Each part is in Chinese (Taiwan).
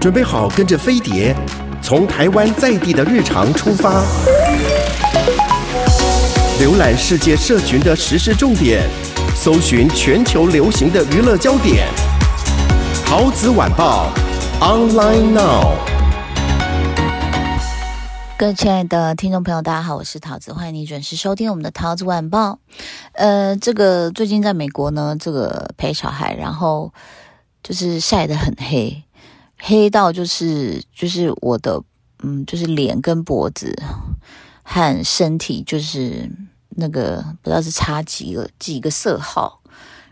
準備好，跟着飛碟從台灣在地的日常出發，瀏覽世界社群的時事重點，搜尋全球流行的娛樂焦點。陶子晚報，online now。各位親愛的聽眾朋友，大家好，我是陶子，歡迎你準時收聽我們的陶子晚報。呃，這個最近在美國呢，這個陪小孩，然後就是曬得很黑。黑到就是就是我的嗯，就是臉跟脖子和身體，就是那個不知道是差幾個幾個色號。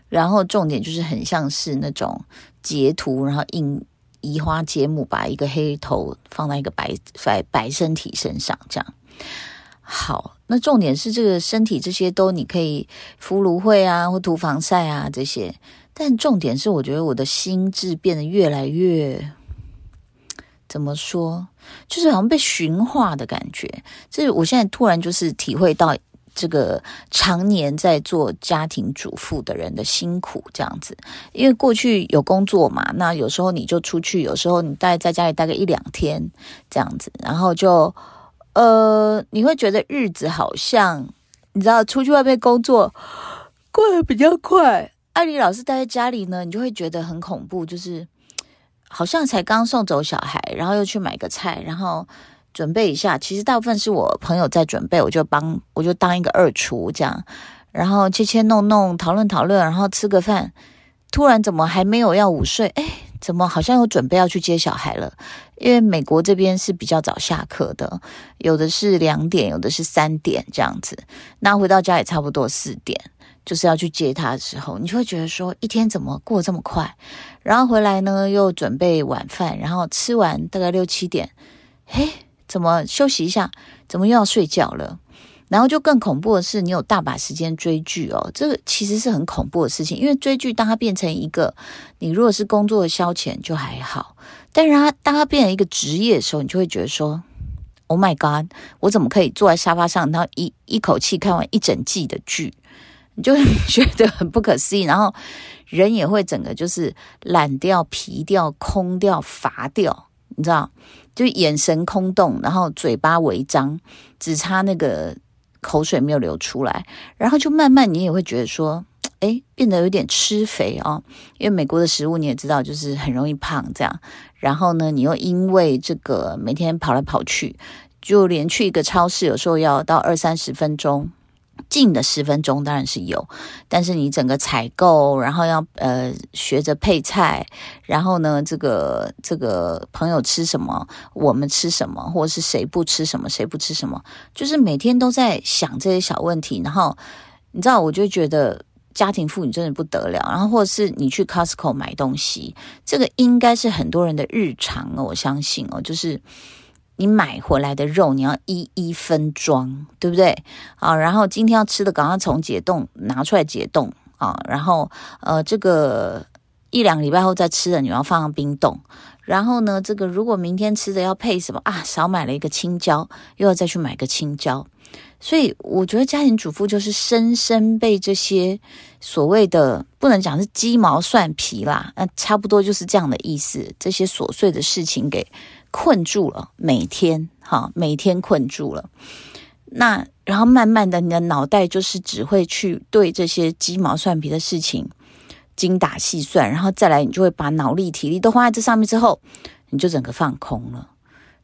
然後重點就是很像是那種截圖，然後印移花接木，把一個黑頭放在一個白白白身體身上這樣。好，那重點是這個身體這些都你可以敷蘆薈啊，或塗防曬啊這些。但重點是我覺得我的心智變得越來越。怎麼說，就是好像被馴化的感覺。這、就是、我現在突然就是體會到這個常年在做家庭主婦的人的辛苦，這樣子。因為過去有工作嘛，那有時候你就出去，有時候你待在家裡待個一兩天這樣子，然後就呃，你會覺得日子好像你知道出去外面工作過得比較快，艾、啊、莉老是待在家裡呢，你就會覺得很恐怖，就是。好像才剛送走小孩，然後又去買個菜，然後準備一下。其實大部分是我朋友在準備，我就幫，我就當一個二廚這樣。然後切切弄弄，討論討論，然後吃個飯。突然怎麼還沒有要午睡？哎，怎麼好像有準備要去接小孩了？因為美國這邊是比較早下課的，有的是兩點，有的是三點這樣子。那回到家也差不多四點。就是要去接他的時候，你就會覺得說一天怎麼過這麼快？然後回來呢，又準備晚飯，然後吃完大概六七點，嘿，怎麼休息一下？怎麼又要睡覺了？然後就更恐怖的是，你有大把時間追劇哦，這個其實是很恐怖的事情。因為追劇，當它變成一個你如果是工作的消遣就還好，但是它當它變成一個職業的時候，你就會覺得說，Oh my God，我怎麼可以坐在沙發上，然後一一口氣看完一整季的劇？就覺得很不可思議，然後人也會整個就是懶掉、疲掉、空掉、乏掉，你知道？就眼神空洞，然後嘴巴微張，只差那個口水沒有流出來，然後就慢慢你也會覺得說，哎，變得有點吃肥哦，因為美國的食物你也知道，就是很容易胖這樣。然後呢，你又因為這個每天跑來跑去，就連去一個超市，有時候要到二三十分鐘。近的十分鐘當然是有，但是你整個採購，然後要呃學着配菜，然後呢，這個這個朋友吃什麼，我們吃什麼，或者是誰不吃什麼，誰不吃什麼，就是每天都在想這些小問題。然後你知道，我就覺得家庭婦女真的不得了。然後，或者是你去 Costco 買東西，這個應該是很多人的日常，我相信哦，就是。你買回來的肉，你要一一分裝，對不對？好，然後今天要吃的，趕快從解凍拿出來解凍啊。然後，呃，這個一兩個禮拜後再吃的，你要放冰凍。然後呢，這個如果明天吃的要配什麼啊？少買了一個青椒，又要再去買個青椒。所以，我覺得家庭主婦就是深深被這些所謂的不能講是雞毛蒜皮啦，那差不多就是這樣的意思，這些瑣碎的事情給。困住了，每天哈，每天困住了。那然後慢慢的，你的腦袋就是只會去對這些雞毛蒜皮的事情精打細算，然後再來，你就會把腦力體力都花在這上面，之後你就整個放空了。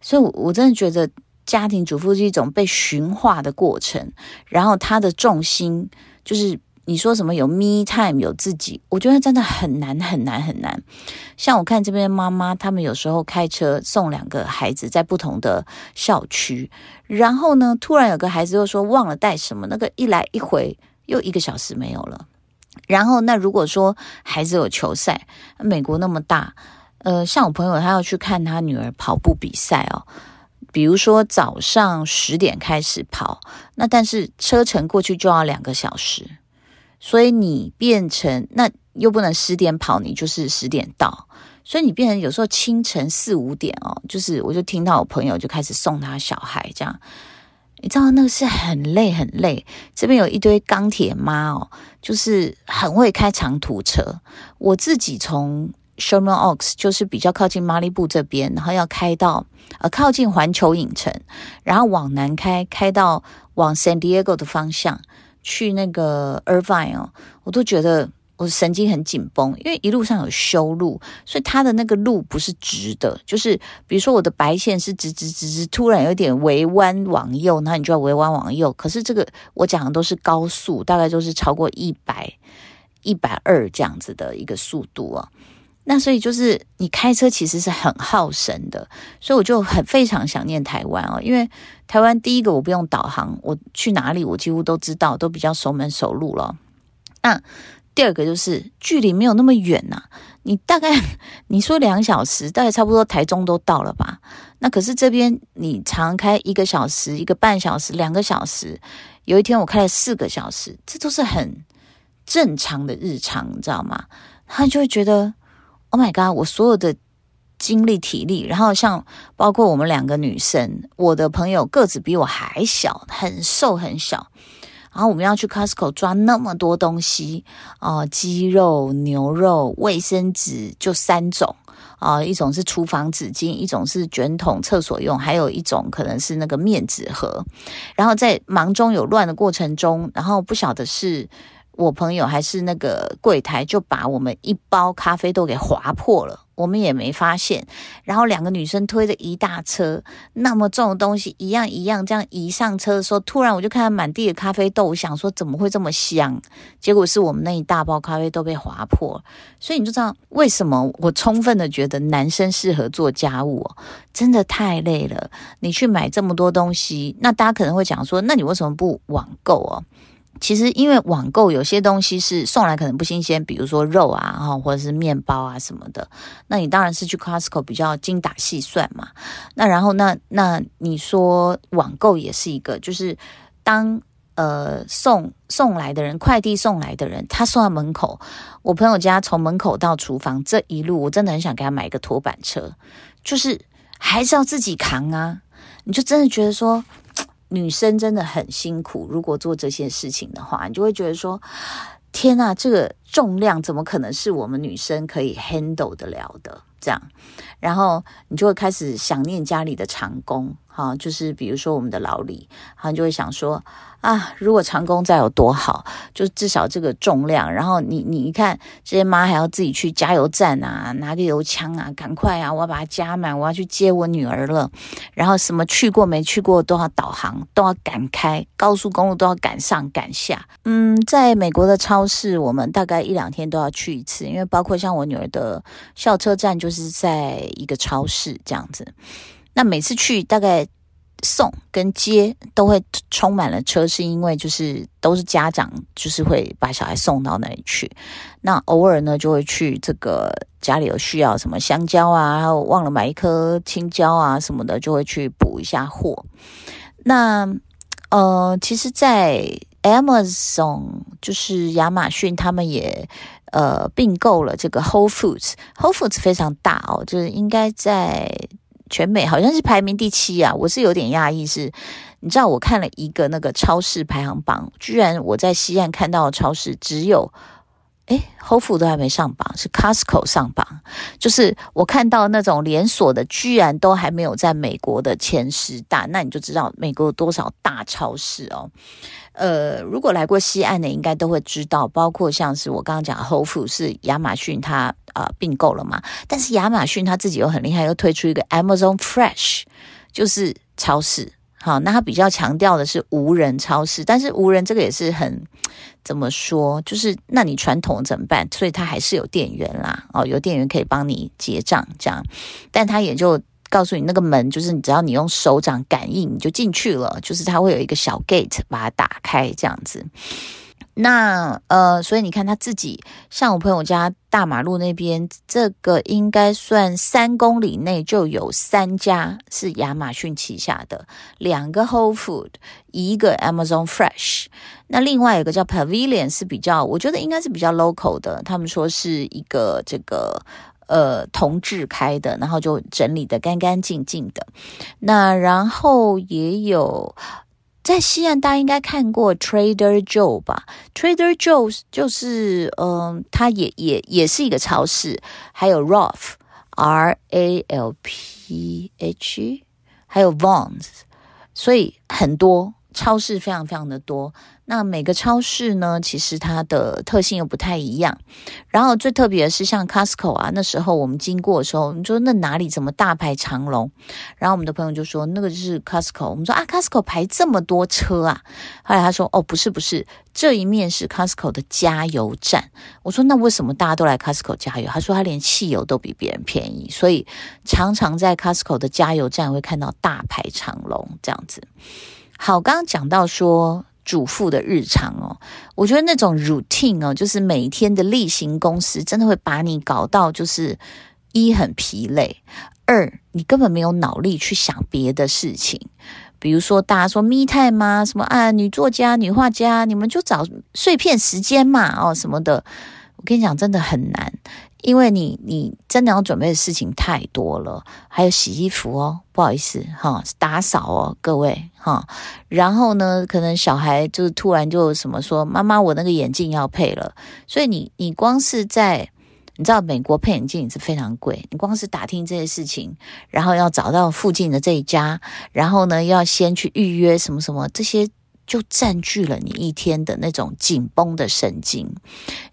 所以我，我我真的覺得家庭主婦是一種被馴化的過程，然後他的重心就是。你說什麼有 me time 有自己？我覺得真的很難很難很難。像我看這邊媽媽，他們有時候開車送兩個孩子在不同的校區，然後呢，突然有個孩子又說忘了帶什麼，那個一來一回又一個小時沒有了。然後那如果說孩子有球賽，美國那麼大，呃，像我朋友他要去看他女兒跑步比賽哦，比如說早上十點開始跑，那但是車程過去就要兩個小時。所以你變成那又不能十點跑，你就是十點到。所以你變成有時候清晨四五點哦，就是我就聽到我朋友就開始送他小孩這樣。你知道那個是很累很累。這邊有一堆鋼鐵媽哦，就是很會開長途車。我自己從 Sherman Oaks 就是比較靠近 Malibu 這邊，然後要開到呃靠近環球影城，然後往南開，開到往 San Diego 的方向。去那個 Irvine 哦，我都覺得我神經很緊繃，因為一路上有修路，所以它的那個路不是直的，就是比如說我的白線是直直直直，突然有點微彎往右，那你就要微彎往右。可是這個我講的都是高速，大概就是超過一百、一百二這樣子的一個速度啊、哦。那所以就是你開車其實是很耗神的，所以我就很非常想念台灣哦，因為台灣第一個我不用導航，我去哪裡我幾乎都知道，都比較熟門熟路咯。那，啊，第二個就是距離沒有那麼遠吶，啊，你大概你說兩小時，大概差不多台中都到了吧。那可是這邊你常開一個小時、一個半小時、兩個小時，有一天我開了四個小時，這都是很正常的日常，你知道嗎？他就會覺得。Oh my god！我所有的精力、體力，然後像包括我們兩個女生，我的朋友個子比我還小，很瘦很小。然後我們要去 Costco 抓那麼多東西哦、呃，雞肉、牛肉、衛生紙就三種啊、呃，一種是廚房紙巾，一種是捲筒廁所用，還有一種可能是那個面紙盒。然後在忙中有亂的過程中，然後不曉得是。我朋友還是那個櫃檯，就把我們一包咖啡豆給劃破了，我們也沒發現。然後兩個女生推着一大車那麼重的東西，一樣一樣這樣移上車的時候，突然我就看到滿地的咖啡豆，我想說怎麼會這麼香？結果是我們那一大包咖啡都被劃破，所以你就知道為什麼我充分的覺得男生適合做家務哦，真的太累了。你去買這麼多東西，那大家可能會講說，那你為什麼不網購哦？其實，因為網購有些東西是送來可能不新鮮，比如說肉啊，哈，或者是面包啊什麼的，那你當然是去 Costco 比較精打細算嘛。那然後那，那那你說網購也是一個，就是當呃送送來的人，快遞送來的人，他送到門口，我朋友家從門口到廚房這一路，我真的很想給他買一個拖板車，就是還是要自己扛啊，你就真的覺得說。女生真的很辛苦，如果做這些事情的話，你就會覺得說，天啊，這個重量怎麼可能是我們女生可以 handle 得了的？這樣，然後你就會開始想念家裡的長工，哈、啊，就是比如說我們的老李，好、啊，你就會想說。啊！如果長工再有多好，就至少這個重量。然後你你你看，這些媽還要自己去加油站啊，拿個油槍啊，趕快啊，我要把它加滿，我要去接我女兒了。然後什麼去過沒去過都要導航，都要趕開，高速公路都要趕上趕下。嗯，在美國的超市，我們大概一兩天都要去一次，因為包括像我女兒的校車站就是在一個超市這樣子。那每次去大概。送跟接都會充滿了車，是因為就是都是家長，就是會把小孩送到那裡去。那偶爾呢，就會去這個家裡有需要什麼香蕉啊，還有忘了買一顆青椒啊什麼的，就會去補一下貨。那呃，其實，在 Amazon 就是亞馬遜，他們也呃併購了這個 Whole Foods，Whole Foods 非常大哦，就是應該在。全美好像是排名第七啊，我是有點訝異。是，你知道我看了一個那個超市排行榜，居然我在西岸看到的超市只有。哎 Whole Foods 都還沒上榜，是 Costco 上榜。就是我看到那種連鎖的，居然都還沒有在美國的前十大，那你就知道美國有多少大超市哦。呃，如果來過西岸的，應該都會知道，包括像是我剛剛講 Whole Foods 是亞馬遜它啊、呃、併購了嘛，但是亞馬遜它自己又很厲害，又推出一個 Amazon Fresh，就是超市。好，那他比較強調的是無人超市，但是無人這個也是很怎麼說，就是那你傳統怎麼辦？所以它還是有店員啦，哦，有店員可以幫你結賬這樣，但他也就告訴你那個門就是你只要你用手掌感應你就進去了，就是他會有一個小 gate 把它打開這樣子。那呃，所以你看他自己像我朋友家。大馬路那邊，這個應該算三公里內就有三家是亞馬遜旗下的，兩個 Whole Food，一個 Amazon Fresh。那另外有一個叫 Pavilion 是比較，我覺得應該是比較 local 的。他們說是一個這個呃同志開的，然後就整理得干干淨淨的。那然後也有。在西安，大家應該看過 Trader Joe 吧？Trader Joe 就是，嗯，它也也也是一個超市，還有 Ralph，R A L P H，還有 Vons，所以很多超市非常非常的多。那每個超市呢，其實它的特性又不太一樣。然後最特別的是，像 Costco 啊，那時候我們經過的時候，你說那哪裡怎麼大排長龍？然後我們的朋友就說，那個就是 Costco。我們說啊，Costco 排這麼多車啊。後來他說，哦，不是不是，這一面是 Costco 的加油站。我說那為什麼大家都來 Costco 加油？他說他連汽油都比別人便宜，所以常常在 Costco 的加油站會看到大排長龍這樣子。好，剛剛講到說。主婦的日常哦，我覺得那種 routine 哦，就是每天的例行公事，真的會把你搞到就是一很疲累，二你根本沒有腦力去想別的事情。比如說大家說 Me Time 嗎什麼啊，女作家、女畫家，你們就找碎片時間嘛，哦什麼的，我跟你講，真的很難。因為你，你真的要準備的事情太多了，還有洗衣服哦，不好意思哈，打掃哦，各位哈，然後呢，可能小孩就是突然就什麼說，媽媽，我那個眼鏡要配了，所以你，你光是在，你知道美國配眼鏡也是非常貴，你光是打聽這些事情，然後要找到附近的這一家，然後呢，要先去預約什麼什麼這些。就佔據了你一天的那種緊繃的神經，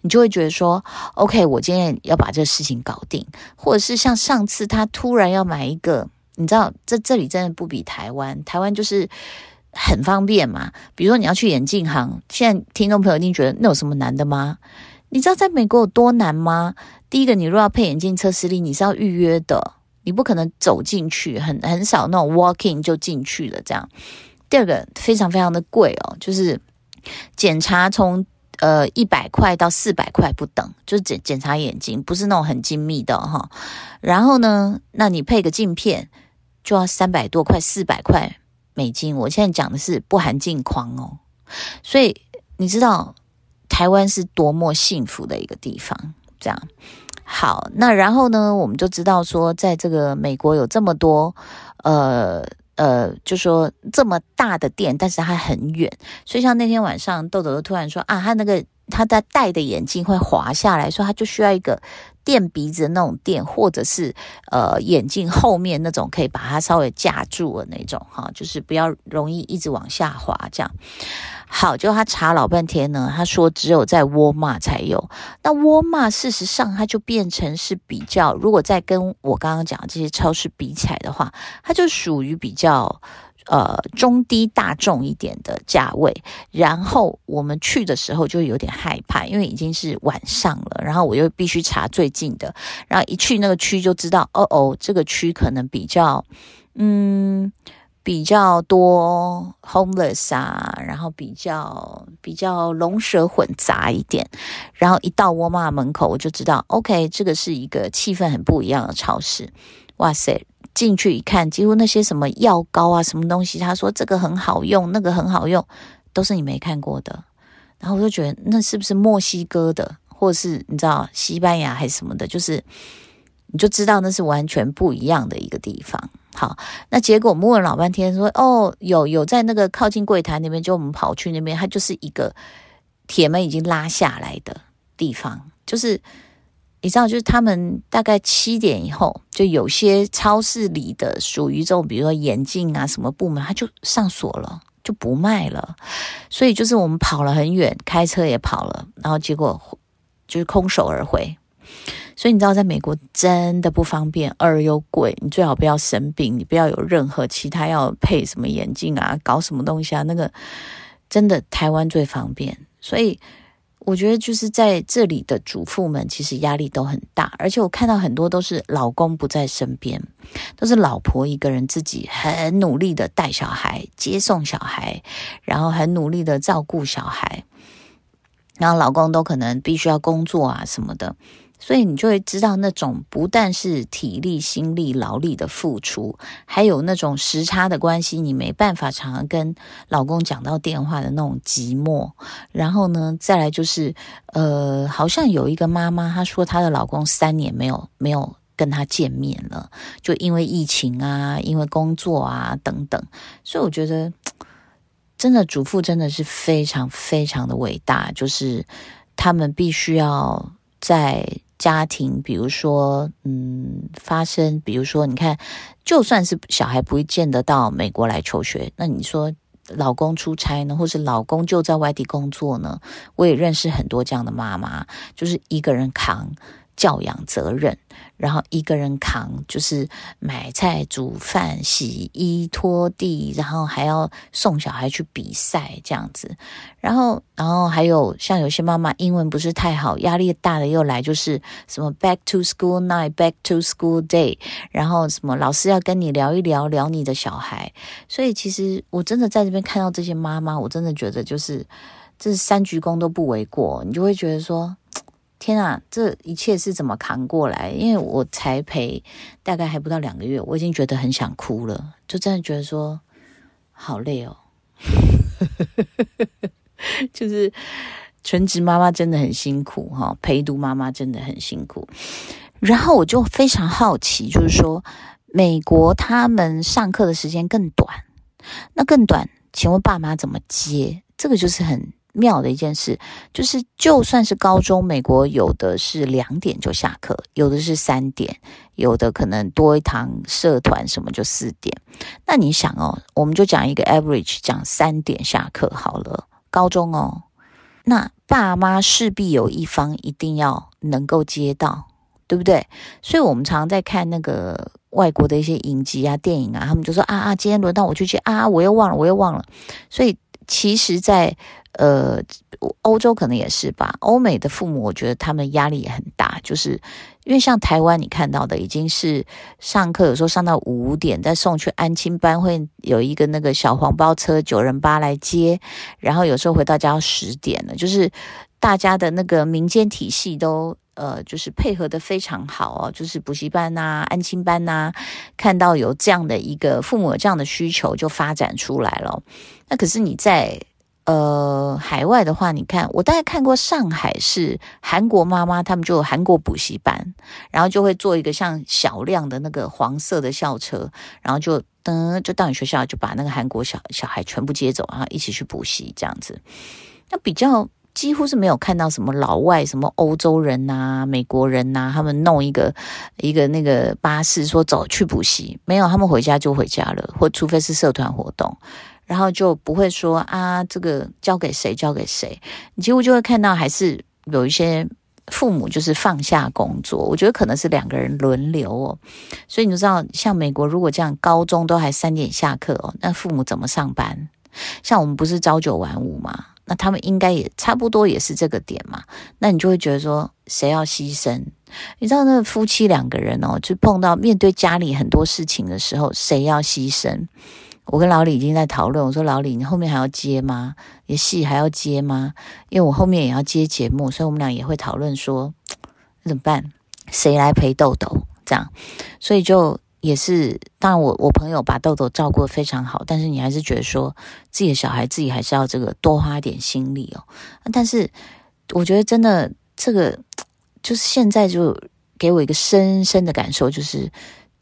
你就會覺得說：“OK，我今天要把這個事情搞定。”或者是像上次他突然要買一個，你知道這這裡真的不比台灣，台灣就是很方便嘛。比如說你要去眼鏡行，現在聽眾朋友一定覺得那有什麼難的嗎？你知道在美國有多難嗎？第一個，你如果要配眼鏡測視力，你是要預約的，你不可能走進去，很很少那種 walk in 就進去了這樣。第二個非常非常的貴哦，就是檢查從呃一百塊到四百塊不等，就是檢檢查眼睛，不是那種很精密的哈、哦。然後呢，那你配個鏡片就要三百多塊、四百塊美金。我現在講的是不含鏡框哦，所以你知道台灣是多麼幸福的一個地方。這樣好，那然後呢，我們就知道說，在這個美國有這麼多呃。呃，就說這麼大的店，但是還很遠，所以像那天晚上，豆豆都突然說啊，他那個他在戴的眼鏡會滑下來，所以他就需要一個。墊鼻子的那種墊，或者是呃眼鏡後面那種可以把它稍微架住的那種哈，就是不要容易一直往下滑這樣。好，就他查老半天呢，他說只有在沃爾瑪才有。那沃爾瑪事實上它就變成是比較，如果再跟我剛剛講的這些超市比起來的話，它就屬於比較。呃，中低大眾一點的價位，然後我們去的時候就有點害怕，因為已經是晚上了，然後我又必須查最近的，然後一去那個區就知道，哦哦，這個區可能比較，嗯，比較多 homeless 啊，然後比較比較龍蛇混雜一點，然後一到沃爾瑪門口，我就知道，OK，這個是一個氣氛很不一樣的超市，哇塞！進去一看，幾乎那些什麼藥膏啊、什麼東西，他說這個很好用，那個很好用，都是你沒看過的。然後我就覺得那是不是墨西哥的，或者是你知道西班牙還是什麼的？就是你就知道那是完全不一樣的一個地方。好，那結果我問了老半天說，哦，有有在那個靠近櫃檯那邊，就我們跑去那邊，它就是一個鐵門已經拉下來的地方，就是你知道，就是他們大概七點以後。就有些超市裡的屬於這種，比如說眼鏡啊什麼部門，它就上鎖了，就不賣了。所以就是我們跑了很遠，開車也跑了，然後結果就是空手而回。所以你知道，在美國真的不方便，而又貴，你最好不要生病，你不要有任何其他要配什麼眼鏡啊，搞什麼東西啊，那個真的台灣最方便。所以。我覺得就是在這裡的主婦們，其實壓力都很大，而且我看到很多都是老公不在身邊，都是老婆一個人自己很努力的帶小孩、接送小孩，然後很努力的照顧小孩，然後老公都可能必須要工作啊什麼的。所以你就會知道，那種不但是體力、心力、勞力的付出，還有那種時差的關係，你沒辦法常常跟老公講到電話的那種寂寞。然後呢，再來就是，呃，好像有一個媽媽，她說她的老公三年沒有沒有跟她見面了，就因為疫情啊，因為工作啊等等。所以我覺得，真的主婦真的是非常非常的偉大，就是他們必須要。在家庭，比如說，嗯，發生，比如說，你看，就算是小孩不會見得到美國來求學，那你說老公出差呢，或是老公就在外地工作呢，我也認識很多這樣的媽媽，就是一個人扛教養責任，然後一個人扛，就是買菜、煮飯、洗衣、拖地，然後還要送小孩去比賽這樣子。然後，然後還有像有些媽媽英文不是太好，壓力大的又來，就是什麼 Back to School Night、Back to School Day，然後什麼老師要跟你聊一聊，聊你的小孩。所以其實我真的在這邊看到這些媽媽，我真的覺得就是這三鞠躬都不為過，你就會覺得說。天啊，這一切是怎麼扛過來？因為我才陪大概還不到兩個月，我已經覺得很想哭了，就真的覺得說好累哦。 就是全職媽媽真的很辛苦哈，哦，陪讀媽媽真的很辛苦。然後我就非常好奇，就是說美國他們上課的時間更短，那更短，請問爸媽怎麼接？這個就是很。妙的一件事就是，就算是高中，美國有的是兩點就下課，有的是三點，有的可能多一堂社團什麼就四點。那你想哦，我們就講一個 average，講三點下課好了，高中哦，那爸媽勢必有一方一定要能夠接到，對不對？所以我們常在看那個外國的一些影集啊、電影啊，他們就說啊啊，今天輪到我去接啊，我又忘了，我又忘了，所以。其實在，在呃歐洲可能也是吧，歐美的父母我覺得他們壓力也很大，就是因為像台灣你看到的，已經是上課有時候上到五點，再送去安親班會有一個那個小黃包車九人巴來接，然後有時候回到家要十點了，就是大家的那個民間體系都。呃，就是配合得非常好哦，就是補習班吶、啊、安親班吶、啊，看到有這樣的一個父母有這樣的需求，就發展出來了。那可是你在呃海外的話，你看我大概看過上海市韓國媽媽，他們就有韓國補習班，然後就會做一個像小量的那個黃色的校車，然後就嗯、呃、就到你學校，就把那個韓國小小孩全部接走，然後一起去補習這樣子，那比較，幾乎是沒有看到什麼老外，什麼歐洲人吶、啊、美國人吶、啊，他們弄一個一個那個巴士說走去補習，沒有，他們回家就回家了，或除非是社團活動，然後就不會說啊，這個交給誰交給誰。你幾乎就會看到還是有一些父母就是放下工作，我覺得可能是兩個人輪流哦。所以你知道，像美國如果這樣，高中都還三點下課哦，那父母怎麼上班？像我們不是朝九晚五嘛。那他們應該也差不多也是這個點嘛？那你就會覺得說，誰要犧牲？你知道那夫妻兩個人哦，就碰到面對家裡很多事情的時候，誰要犧牲？我跟老李已經在討論，我說老李，你後面還要接嗎？你戲還要接嗎？因為我後面也要接節目，所以我們倆也會討論說，怎麼辦？誰來陪豆豆這樣？所以就。也是，當然我我朋友把豆豆照顧得非常好，但是你還是覺得說自己的小孩自己還是要這個多花點心力哦。啊，但是我覺得真的這個就是現在就給我一個深深的感受，就是。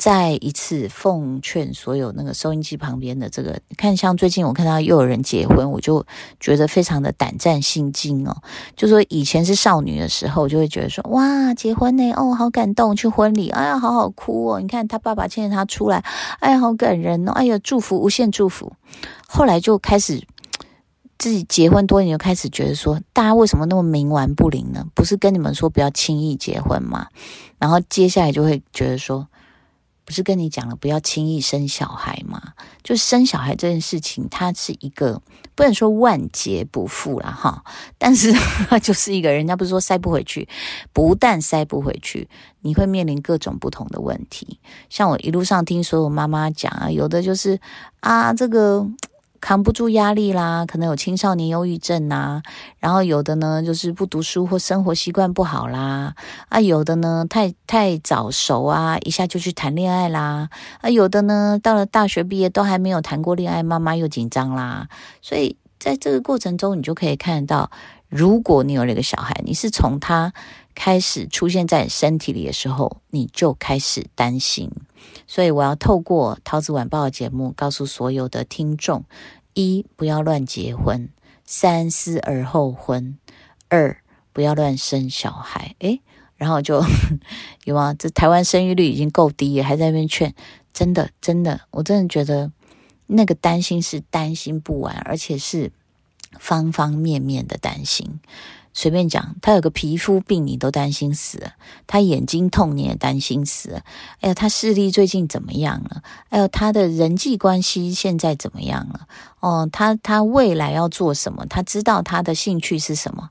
再一次奉勸所有那個收音機旁邊的這個，你看像最近我看到又有人結婚，我就覺得非常的膽戰心驚哦。就說以前是少女的時候，我就會覺得說哇，結婚呢，哦，好感動，去婚禮，哎呀，好好哭哦。你看他爸爸牽着他出來，哎呀，好感人哦，哎呀，祝福無限祝福。後來就開始自己結婚多年，就開始覺得說，大家為什麼那麼冥頑不靈呢？不是跟你們說不要輕易結婚嗎？然後接下來就會覺得說。不是跟你講了，不要輕易生小孩嘛？就生小孩這件事情，它是一個不能說萬劫不復啦哈，但是它就是一個人家不是說塞不回去，不但塞不回去，你會面臨各種不同的問題。像我一路上聽所有媽媽講啊，有的就是啊這個。扛不住壓力啦，可能有青少年憂鬱症啦、啊。然後有的呢就是不讀書或生活習慣不好啦，啊，有的呢太太早熟啊，一下就去談戀愛啦，啊，有的呢到了大學畢業都還沒有談過戀愛，媽媽又緊張啦，所以在這個過程中，你就可以看到，如果你有那個小孩，你是從他開始出現在身體裡的時候，你就開始擔心。所以，我要透過《陶子晚報》的節目，告訴所有的聽眾：一不要亂結婚，三思而後婚；二不要亂生小孩。欸、然後就 有啊，這台灣生育率已經夠低還在那邊勸，真的，真的，我真的覺得那個擔心是擔心不完，而且是方方面面的擔心。隨便講，他有個皮膚病，你都擔心死，他眼睛痛，你也擔心死。哎呀，他視力最近怎麼樣了？哎呀，他的人際關係現在怎麼樣了？哦、呃，他他未來要做什麼？他知道他的興趣是什麼？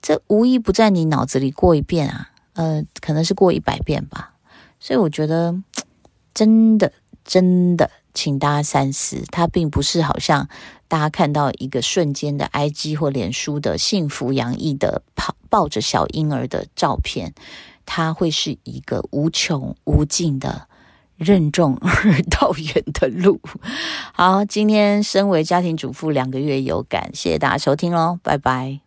這無一不在你腦子裡過一遍啊，呃，可能是過一百遍吧。所以我覺得，真的真的，請大家三思，他並不是好像。大家看到一個瞬間的 IG 或臉書的幸福洋溢的抱抱着小嬰兒的照片，它會是一個無窮無盡的任重而道遠的路。好，今天身為家庭主婦兩個月有感，謝謝大家收聽嘍，拜拜。